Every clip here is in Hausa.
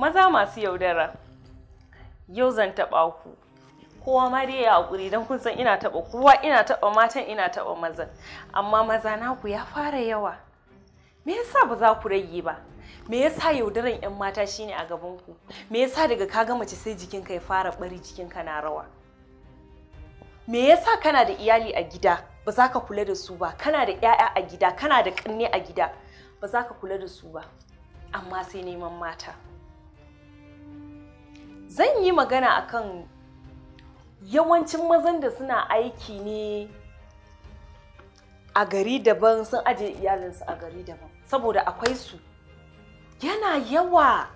maza masu yaudara yau zan taɓa ku kowa ma dai ya hakuri don kun san ina taɓa kowa ina taɓa matan ina taɓa maza amma maza naku ya fara yawa me yasa ba za ku rage ba me yasa yaudaran yan mata shine a gaban ku me yasa daga ka ga mace sai jikin ka ya fara bari jikin ka na rawa me yasa kana da iyali a gida ba za ka kula da su ba kana da 'ya'ya a gida kana da kanne a gida ba za ka kula da su ba amma sai neman mata zan yi magana akan yawancin mazan da suna aiki ne a gari daban sun aje iyalinsu a gari daban saboda akwai su yana yawa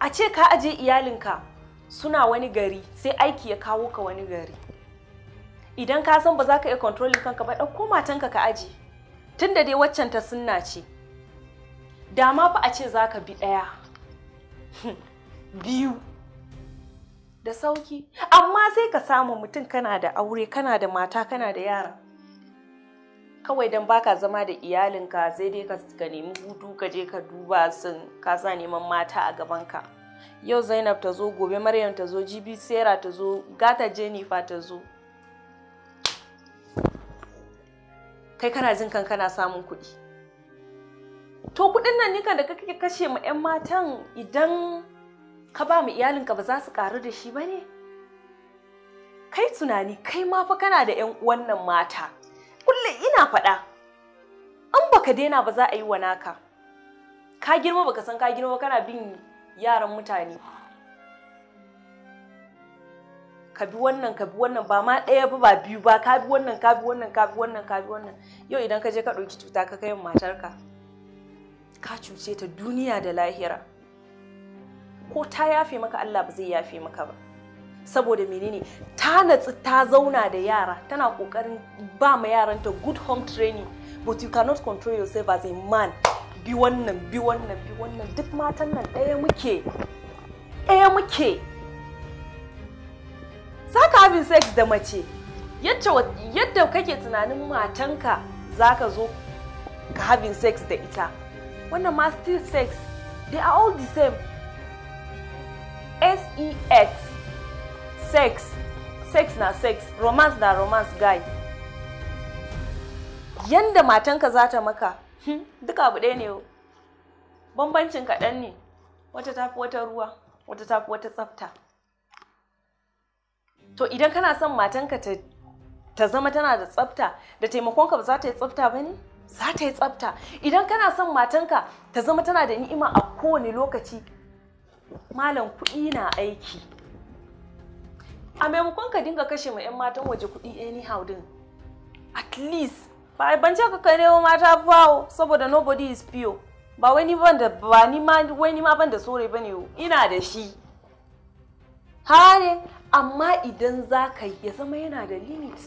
a ce ka aje iyalinka suna wani gari sai aiki ya kawo ka wani gari idan ka san ba za ka iya kontrolin kanka ba ɗauko matanka ka aje tun da dai waccan ta sunna ce dama fa a ce za ka bi ɗaya biyu da sauki amma sai ka samu mutum kana da aure kana da mata kana da yara kawai don baka zama da iyalinka sai dai ka nemi hutu ka je ka duba sun kasa neman mata a gaban ka. yau zainab ta zo gobe maryam ta zo jibi sera ta zo gata jennifer ta zo kai kana jin kan kana samun kuɗi to kuɗin nan nika da kake kashe ma 'yan matan idan ka ba mu iyalinka ba za su karu da shi ba ne kai tunani kai ma fa kana da 'yan wannan mata kullum ina faɗa an baka daina ba za a yi wa naka ka girma baka san ka girma kana bin yaran mutane ka bi wannan ka bi wannan ba ma ɗaya ba ba biyu ba ka bi wannan ka bi wannan ka bi wannan ka bi wannan yau idan ka je ka ɗauki cuta ka kai matarka ka cuce ta duniya da lahira ko ta yafe maka Allah ba zai yafe maka ba saboda menene ta natsu ta zauna da yara tana kokarin ba ma yaranta good home training but you cannot control yourself as a man bi wannan bi wannan bi wannan duk matan nan ɗaya muke ɗaya muke saka abin sex da mace yadda kake tunanin matanka zaka zo ka having sex da ita wannan ma still sex they are all the same sex sex sex na sex romance na romance guy yanda matanka za ta maka hmm, duka abu ɗaya ne bambancin kaɗan ne wata tafi wata ruwa wata tafi wata tsafta to idan kana son matanka ta ta zama tana da tsafta da taimakonka ba za ta yi tsafta ba ne za ta yi tsafta idan kana son matanka ta zama tana da ni'ima a kowane lokaci malam kuɗi na aiki a maimakon ka dinga kashe ma 'yan matan waje kuɗi anyhow din at least ba ban ce ka nemo mata bawo saboda nobody is pure ba wani ban da ba ni ma wani ma ban da sore bane ina da shi hare amma idan za ya zama yana da limit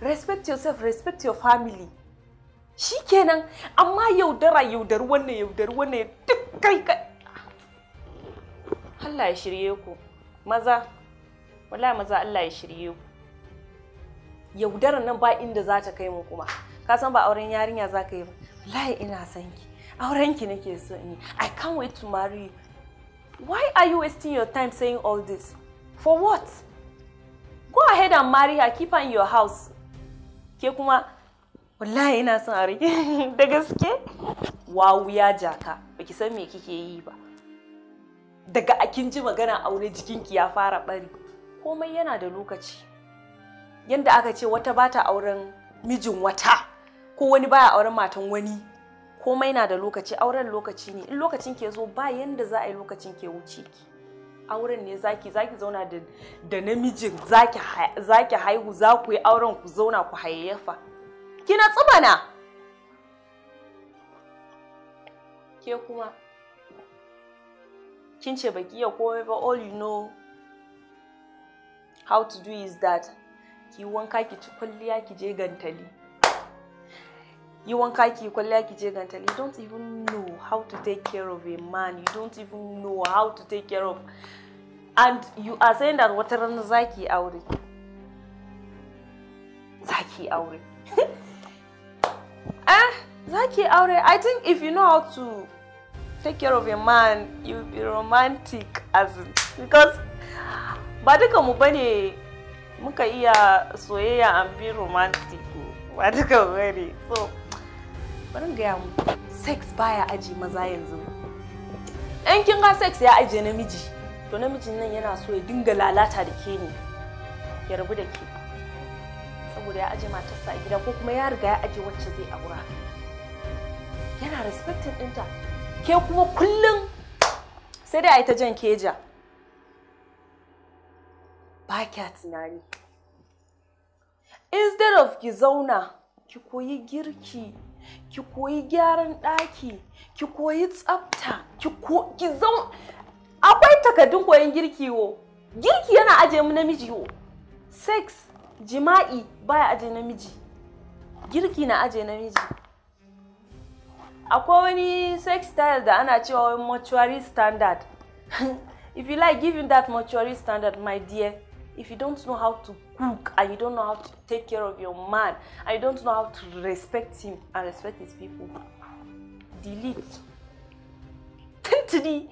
respect yourself respect your family shi kenan amma yaudara yaudar wannan yaudar wannan duk kai kai Allah ya shirye ku maza wala maza Allah ya shirye ku yaudara nan ba inda za ta kai mu kuma ka san ba auren yarinya za ka yi ba wallahi ina son ki auren ki nake so ni. I can't wait to marry you why are you wasting your time saying all this for what go ahead and marry her keep her in your house ke kuma wallahi ina son aure da gaske wawu ya jaka baki san me kike yi ba daga akin ji magana aure ki ya fara bari komai yana da lokaci yanda aka ce wata bata auren mijin wata ko wani baya auren matan wani komai na da lokaci auren lokaci ne in lokacin ke zo ba yanda za a yi lokacin ke wuce ki auren ne zaki zaki zauna da namijin zaki haihu za ku yi auren ku zauna ku hayayyafa kina tsumana ke kuma kin ce baki ya komai ba all you know how to do is that ki wanka ki ci kwalliya ki je gantali yi wanka ki kwalliya ki je gantali you don't even know how to take care of a man you don't even know how to take care of and you are saying that wata rana zaki aure zaki aure ah zaki aure i think if you know how to take care of a man you be romantic as because ba duka mu bane muka iya soyayya and be romantic ba duka mu bane so bari gaya mu sex baya aji maza yanzu in kin ga sex ya aje namiji to namijin nan yana so ya dinga lalata da ke ne ya rabu da ke saboda ya aje matarsa a gida ko kuma ya riga ya aje wacce zai aura yana respecting ɗinta ke kuma kullum sai dai a yi ta jan keja ba kya tunani instead of ki zauna ki koyi girki ki koyi gyaran ɗaki ki koyi tsafta ki ko ki zau akwai takardun koyon girki wo girki yana aje mu namiji wo sex jima'i baya aje namiji girki na aje namiji akwai wani sex style da ana cewa mortuary standard if you like giving that mortuary standard my dear if you don't know how to cook and you don't know how to take care of your man and you don't know how to respect him and respect his people delete tuntuni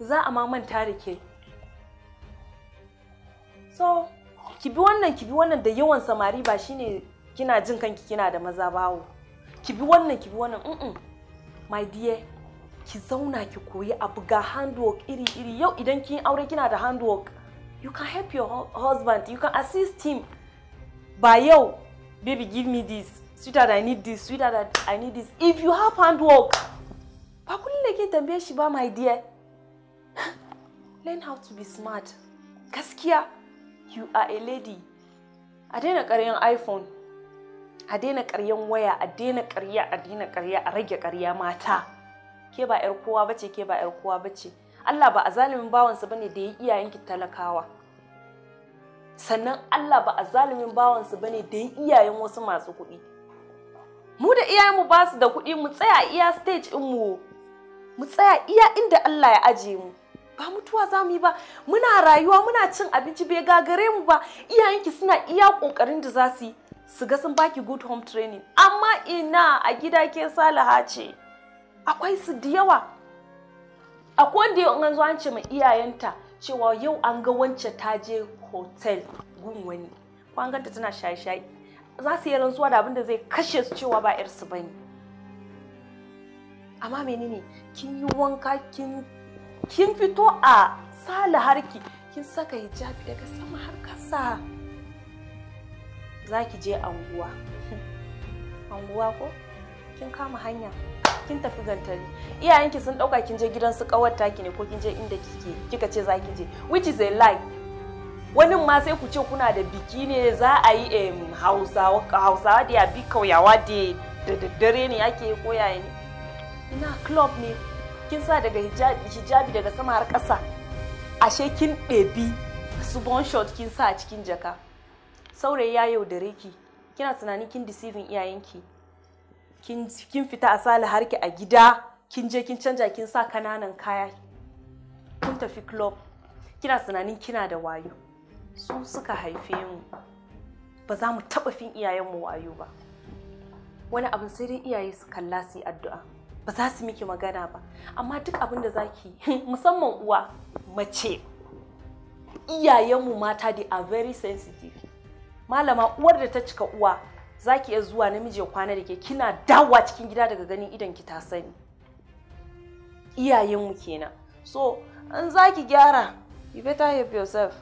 za a ma manta da ke so ki bi wannan ki bi wannan da yawan samari ba shine kina jin kanki kina da maza bawo ki bi wannan ki bi wannan mm my dear ki zauna ki koyi abu ga handwork iri-iri yau idan kin aure kina da handwork you can help your husband you can assist him ba yau baby give me this that i need this that i need this if you have handwork ba kullum da ke tambaye shi ba my dear learn how to be smart gaskiya you are a lady a daina karyan iphone a daina karyan waya a daina karya a daina karya a rage karya mata ke ba yar kowa bace ke ba yar kowa bace Allah ba a zalimin bawansa bane da ya iyayenki talakawa sannan Allah ba a zalimin bawansa bane da ya iyayen wasu masu kuɗi mu da iyayen ba su da kuɗi mu tsaya iya stage din mu mu tsaya iya inda Allah ya aje mu ba mutuwa za mu yi ba muna rayuwa muna cin abinci bai gagare mu ba iyayenki suna iya ƙoƙarin da za su yi su ga sun baki good home training amma ina a gida ke salaha ce akwai su da yawa akwai wanda yau an zo ce ma iyayenta cewa yau an ga wance ta je hotel gun wani ko ganta tana shaye-shaye za su yi rantsuwa da abin da zai kashe su cewa ba 'yarsu ba ne amma menene kin yi wanka kin fito a sala kin saka hijabi daga sama har kasa za ki je anguwa anguwa ko kin kama hanya kin tafi gantari iyayenki sun dauka kin je gidan su kawar taki ne ko kin je inda kike kika ce za ki je which is a lie wani ma sai ku ce kuna da biki ne za a yi hausawa hausawa da ya bi kauyawa da daddare ne ake ko ne ina club ne kin sa daga hijabi daga sama har ƙasa ashe kin ɗebi su bon shot kin sa a cikin jaka saurayi ya yaudare ki kina tunanin kin deceiving iyayenki kin kin fita asali ki a gida kin je kin canja kin sa kananan kaya kun tafi club kina tunanin kina da wayo su suka haife mu ba za mu taɓa fin iyayenmu wayo ba wani abin sai dai iyaye su kalla su addu'a ba za su miki magana ba amma duk abin da za musamman uwa mace iyayenmu mata dey are very sensitive malama uwar da ta cika uwa za ki iya zuwa namiji ya kwana da ke kina dawa cikin gida daga ganin idan ki ta sani iyayenmu kenan so in za ki gyara you better help yourself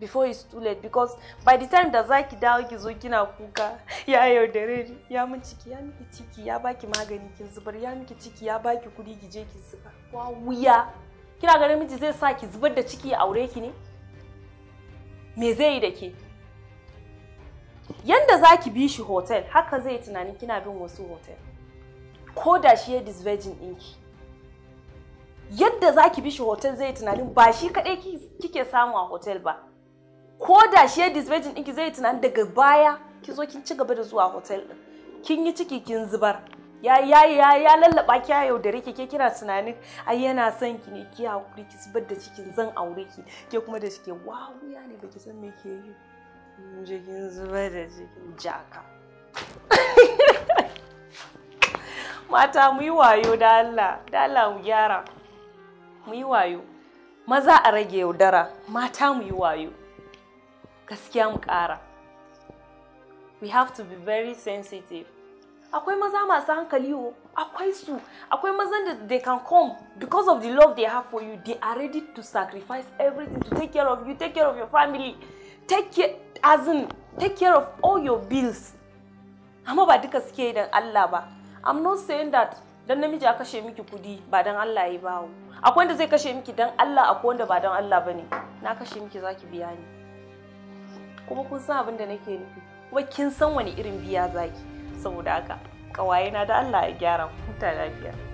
before it's too late because by the time da zaki dawo ki zo kina kuka ya yaudare ni ya min ciki ya miki ciki ya baki magani kin zubar ya miki ciki ya baki kudi ki je ki zubar wa wuya kina ga namiji zai sa ki zubar da ciki ya aure ki ne me zai yi da ke yanda za ki bi shi hotel haka zai tunanin kina bin wasu hotel ko da shi ya disvirgin ɗinki yadda za ki bi shi hotel zai tunanin ba shi kaɗai kike samu a hotel ba ko da shi ya disvirgin ɗinki zai tunanin daga baya ki zo kin ci gaba da zuwa hotel ɗin kin yi ciki kin zubar ya ya ya ya lallaba ki yau da rike ke kira tunanin ai yana son ki ne ki hakuri ki zubar da cikin zan aure ki ke kuma da ke wawu ya ne baki san me ke yi jikin zubar da jikin jaka mata mu yi wayo da Allah da Allah mu gyara mu yi wayo maza a rage yaudara mata mu yi wayo gaskiya mu ƙara we have to be very sensitive akwai maza masu hankali o akwai su akwai mazan da they can come because of the love they have for you they are ready to sacrifice everything to take care of you take care of your family take care as in take care of all your bills amma ba duka suke dan Allah ba i'm not saying that dan namiji a kashe miki kudi ba don Allah ya bawo akwai wanda zai kashe miki dan Allah akwai wanda ba dan Allah bane na kashe miki zaki biya ni kuma kun san abin da nake nufi kuma kin san wani irin biya zaki saboda haka kawaye na da Allah ya gyara huta lafiya